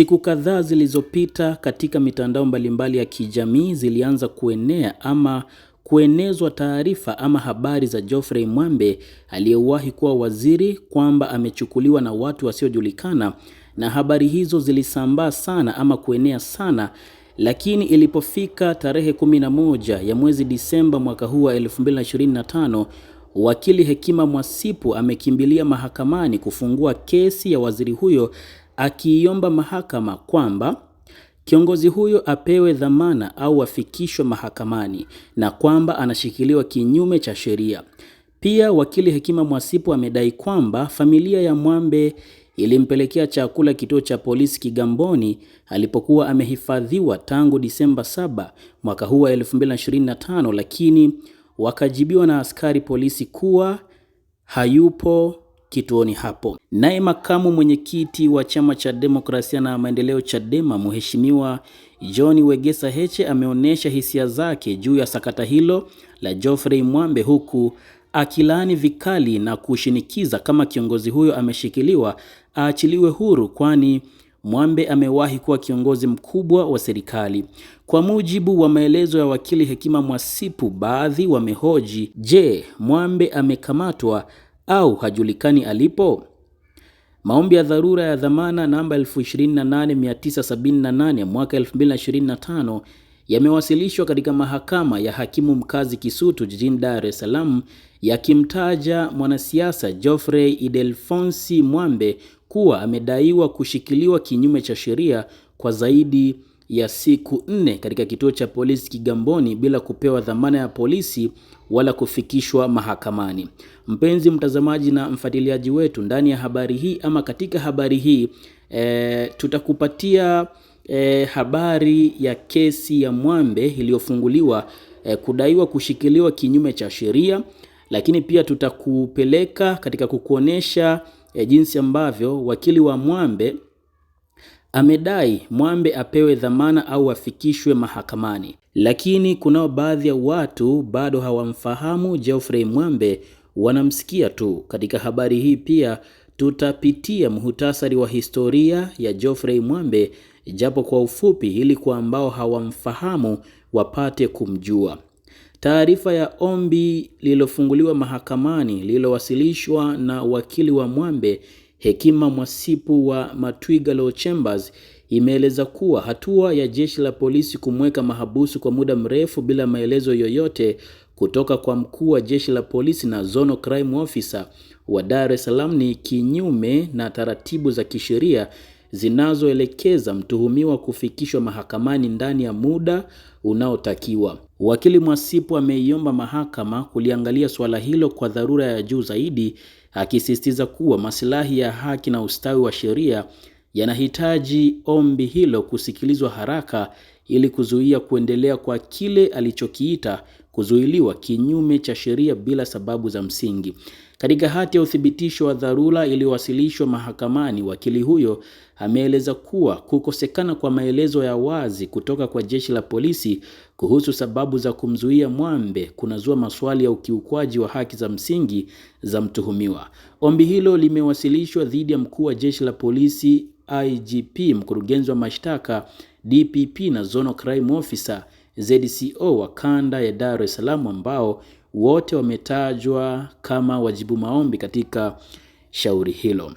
Siku kadhaa zilizopita katika mitandao mbalimbali ya kijamii zilianza kuenea ama kuenezwa taarifa ama habari za Geoffrey Mwambe aliyewahi kuwa waziri kwamba amechukuliwa na watu wasiojulikana, na habari hizo zilisambaa sana ama kuenea sana, lakini ilipofika tarehe 11 ya mwezi Disemba mwaka huu wa 2025 Wakili Hekima Mwasipu amekimbilia mahakamani kufungua kesi ya waziri huyo akiiomba mahakama kwamba kiongozi huyo apewe dhamana au afikishwe mahakamani na kwamba anashikiliwa kinyume cha sheria. Pia wakili Hekima Mwasipu amedai kwamba familia ya Mwambe ilimpelekea chakula kituo cha polisi Kigamboni alipokuwa amehifadhiwa tangu Disemba 7 mwaka huu wa 2025, lakini wakajibiwa na askari polisi kuwa hayupo kituoni hapo. Naye makamu mwenyekiti wa chama cha demokrasia na maendeleo Chadema, mheshimiwa John Wegesa Heche ameonyesha hisia zake juu ya sakata hilo la Geoffrey Mwambe huku akilaani vikali na kushinikiza kama kiongozi huyo ameshikiliwa aachiliwe huru kwani Mwambe amewahi kuwa kiongozi mkubwa wa serikali. Kwa mujibu wa maelezo ya wakili Hekima Mwasipu, baadhi wamehoji, je, Mwambe amekamatwa au hajulikani alipo? Maombi ya dharura ya dhamana namba 28978 mwaka 2025 yamewasilishwa katika mahakama ya hakimu mkazi Kisutu jijini Dar es Salaam yakimtaja mwanasiasa Geoffrey Idelfonsi Mwambe kuwa amedaiwa kushikiliwa kinyume cha sheria kwa zaidi ya siku nne katika kituo cha polisi Kigamboni bila kupewa dhamana ya polisi wala kufikishwa mahakamani. Mpenzi mtazamaji na mfuatiliaji wetu, ndani ya habari hii ama katika habari hii e, tutakupatia e, habari ya kesi ya Mwambe iliyofunguliwa e, kudaiwa kushikiliwa kinyume cha sheria, lakini pia tutakupeleka katika kukuonesha e, jinsi ambavyo wakili wa Mwambe Amedai Mwambe apewe dhamana au afikishwe mahakamani, lakini kunao baadhi ya watu bado hawamfahamu Geoffrey Mwambe, wanamsikia tu. Katika habari hii pia tutapitia muhutasari wa historia ya Geoffrey Mwambe japo kwa ufupi, ili kwa ambao hawamfahamu wapate kumjua. Taarifa ya ombi lililofunguliwa mahakamani lililowasilishwa na wakili wa Mwambe Hekima Mwasipu wa Matwiga Law Chambers imeeleza kuwa hatua ya jeshi la polisi kumweka mahabusu kwa muda mrefu bila maelezo yoyote kutoka kwa mkuu wa jeshi la polisi na Zono Crime Officer wa Dar es Salaam ni kinyume na taratibu za kisheria zinazoelekeza mtuhumiwa kufikishwa mahakamani ndani ya muda unaotakiwa. Wakili Mwasipu ameiomba mahakama kuliangalia suala hilo kwa dharura ya juu zaidi, akisisitiza kuwa masilahi ya haki na ustawi wa sheria yanahitaji ombi hilo kusikilizwa haraka ili kuzuia kuendelea kwa kile alichokiita kuzuiliwa kinyume cha sheria bila sababu za msingi. Katika hati ya uthibitisho wa dharura iliyowasilishwa mahakamani, wakili huyo ameeleza kuwa kukosekana kwa maelezo ya wazi kutoka kwa jeshi la polisi kuhusu sababu za kumzuia Mwambe kunazua maswali ya ukiukwaji wa haki za msingi za mtuhumiwa. Ombi hilo limewasilishwa dhidi ya mkuu wa jeshi la polisi IGP, mkurugenzi wa mashtaka DPP na Zono Crime Officer ZCO wa kanda ya Dar es Salaam ambao wote wametajwa kama wajibu maombi katika shauri hilo.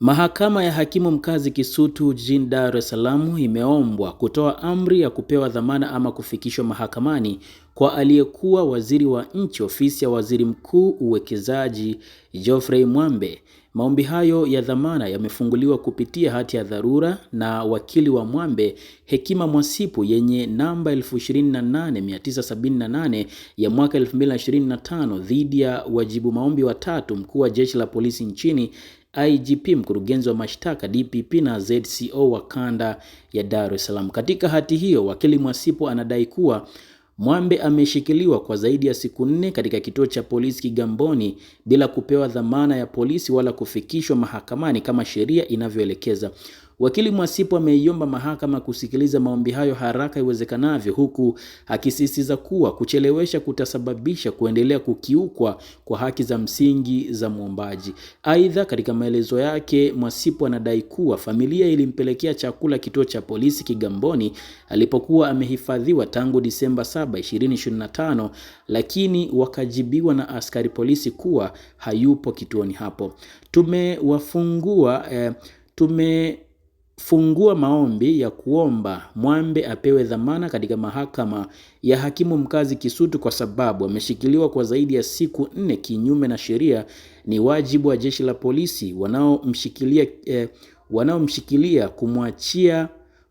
Mahakama ya Hakimu Mkazi Kisutu jijini Dar es Salaam imeombwa kutoa amri ya kupewa dhamana ama kufikishwa mahakamani kwa aliyekuwa waziri wa nchi ofisi ya Waziri Mkuu Uwekezaji Geoffrey Mwambe Maombi hayo ya dhamana yamefunguliwa kupitia hati ya dharura na wakili wa Mwambe Hekima Mwasipu yenye namba 28978 ya mwaka 2025 dhidi ya wajibu maombi watatu, mkuu wa jeshi la polisi nchini IGP, mkurugenzi wa mashtaka DPP na ZCO wa kanda ya Dar es Salaam. Katika hati hiyo, wakili Mwasipu anadai kuwa Mwambe ameshikiliwa kwa zaidi ya siku nne katika kituo cha polisi Kigamboni bila kupewa dhamana ya polisi wala kufikishwa mahakamani kama sheria inavyoelekeza. Wakili Mwasipu ameiomba mahakama kusikiliza maombi hayo haraka iwezekanavyo, huku akisisitiza kuwa kuchelewesha kutasababisha kuendelea kukiukwa kwa haki za msingi za mwombaji. Aidha, katika maelezo yake, Mwasipu anadai kuwa familia ilimpelekea chakula kituo cha polisi Kigamboni alipokuwa amehifadhiwa tangu Disemba 7, 2025, lakini wakajibiwa na askari polisi kuwa hayupo kituoni hapo. Tumewafungua eh, tume fungua maombi ya kuomba Mwambe apewe dhamana katika mahakama ya hakimu mkazi Kisutu kwa sababu ameshikiliwa kwa zaidi ya siku nne kinyume na sheria. Ni wajibu wa jeshi la polisi wanaomshikilia eh, wanaomshikilia kumwachia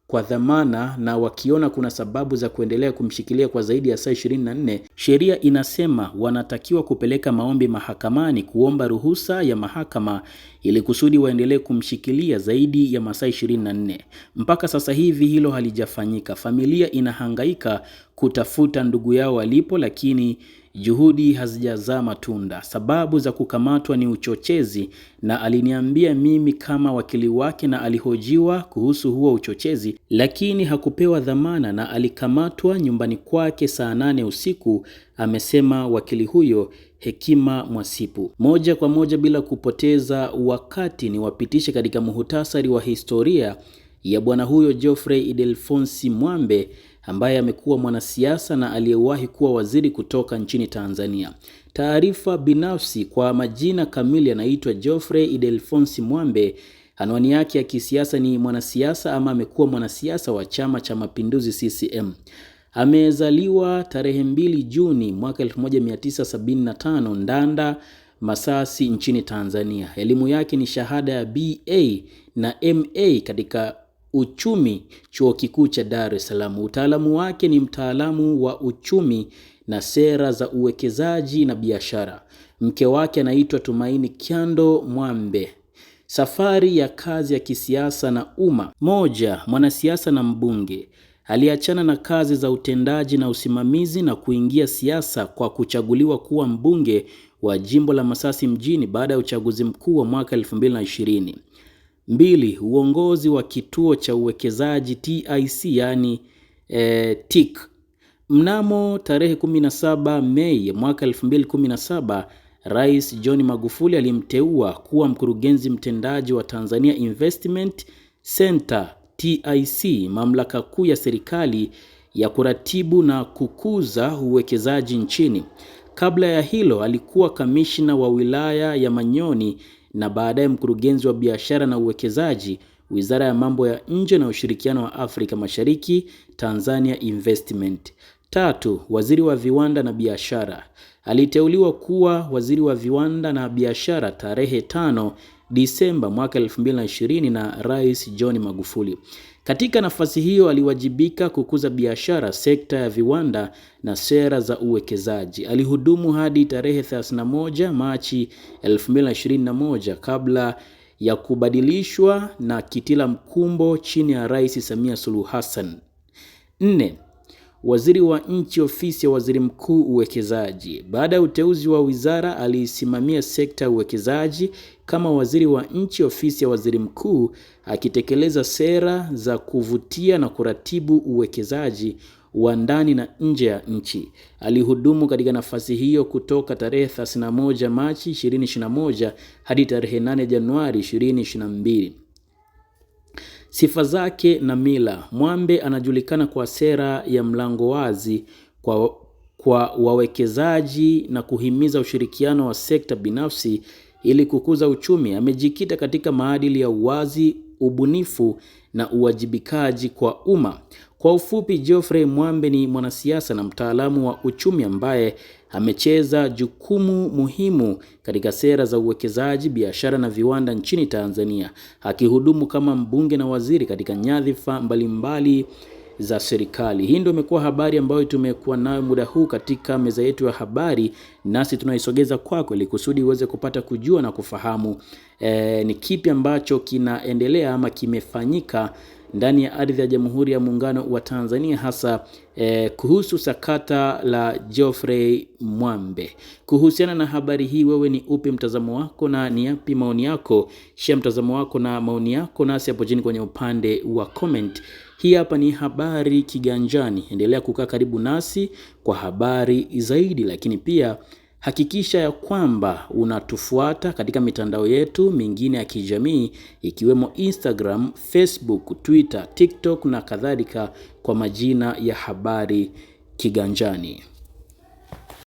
kwa dhamana na wakiona kuna sababu za kuendelea kumshikilia kwa zaidi ya saa 24, sheria inasema wanatakiwa kupeleka maombi mahakamani kuomba ruhusa ya mahakama ili kusudi waendelee kumshikilia zaidi ya masaa 24. Mpaka sasa hivi hilo halijafanyika. Familia inahangaika kutafuta ndugu yao alipo, lakini Juhudi hazijazaa matunda. Sababu za kukamatwa ni uchochezi, na aliniambia mimi kama wakili wake, na alihojiwa kuhusu huo uchochezi, lakini hakupewa dhamana na alikamatwa nyumbani kwake saa nane usiku, amesema wakili huyo Hekima Mwasipu. Moja kwa moja bila kupoteza wakati, ni wapitishe katika muhutasari wa historia ya bwana huyo Geoffrey Idelfonsi Mwambe ambaye amekuwa mwanasiasa na aliyewahi kuwa waziri kutoka nchini Tanzania. Taarifa binafsi kwa majina kamili anaitwa Geoffrey Idelfonsi Mwambe. Anwani yake ya kisiasa ni mwanasiasa ama amekuwa mwanasiasa wa Chama cha Mapinduzi CCM. Amezaliwa tarehe 2 Juni mwaka 1975 Ndanda, Masasi nchini Tanzania. Elimu yake ni shahada ya BA na MA katika uchumi chuo kikuu cha Dar es Salaam. Utaalamu wake ni mtaalamu wa uchumi na sera za uwekezaji na biashara. Mke wake anaitwa Tumaini Kyando Mwambe. Safari ya kazi ya kisiasa na umma. Moja, mwanasiasa na mbunge. Aliachana na kazi za utendaji na usimamizi na kuingia siasa kwa kuchaguliwa kuwa mbunge wa jimbo la Masasi mjini baada ya uchaguzi mkuu wa mwaka 2020. Mbili, uongozi wa kituo cha uwekezaji TIC yani e, eh, TIC. Mnamo tarehe 17 Mei mwaka 2017, Rais John Magufuli alimteua kuwa mkurugenzi mtendaji wa Tanzania Investment Center TIC, mamlaka kuu ya serikali ya kuratibu na kukuza uwekezaji nchini. Kabla ya hilo alikuwa kamishna wa wilaya ya Manyoni na baadaye mkurugenzi wa biashara na uwekezaji, Wizara ya Mambo ya Nje na Ushirikiano wa Afrika Mashariki, Tanzania Investment. Tatu, waziri wa viwanda na biashara aliteuliwa kuwa waziri wa viwanda na biashara tarehe tano Disemba mwaka 2020 na Rais John Magufuli. Katika nafasi hiyo aliwajibika kukuza biashara, sekta ya viwanda na sera za uwekezaji. Alihudumu hadi tarehe 31 Machi 2021 kabla ya kubadilishwa na Kitila Mkumbo chini ya Rais Samia Suluhu Hassan. Nne, Waziri wa Nchi, Ofisi ya Waziri Mkuu, Uwekezaji. Baada ya uteuzi wa wizara, aliisimamia sekta ya uwekezaji kama Waziri wa Nchi, Ofisi ya Waziri Mkuu, akitekeleza sera za kuvutia na kuratibu uwekezaji wa ndani na nje ya nchi. Alihudumu katika nafasi hiyo kutoka tarehe 31 Machi 2021 hadi tarehe 8 Januari 2022. Sifa zake na mila. Mwambe anajulikana kwa sera ya mlango wazi kwa, kwa wawekezaji na kuhimiza ushirikiano wa sekta binafsi ili kukuza uchumi. Amejikita katika maadili ya uwazi, ubunifu na uwajibikaji kwa umma. Kwa ufupi, Geoffrey Mwambe ni mwanasiasa na mtaalamu wa uchumi ambaye amecheza jukumu muhimu katika sera za uwekezaji, biashara na viwanda nchini Tanzania, akihudumu kama mbunge na waziri katika nyadhifa mbalimbali za serikali. Hii ndio imekuwa habari ambayo tumekuwa nayo muda huu katika meza yetu ya habari, nasi tunaisogeza kwako ili kusudi uweze kupata kujua na kufahamu eh, ni kipi ambacho kinaendelea ama kimefanyika ndani ya ardhi ya Jamhuri ya Muungano wa Tanzania hasa eh, kuhusu sakata la Geoffrey Mwambe. Kuhusiana na habari hii, wewe ni upi mtazamo wako na ni yapi maoni yako? Shia mtazamo wako na maoni yako nasi hapo chini kwenye upande wa comment. Hii hapa ni Habari Kiganjani. Endelea kukaa karibu nasi kwa habari zaidi, lakini pia Hakikisha ya kwamba unatufuata katika mitandao yetu mingine ya kijamii ikiwemo Instagram, Facebook, Twitter, TikTok na kadhalika kwa majina ya Habari Kiganjani.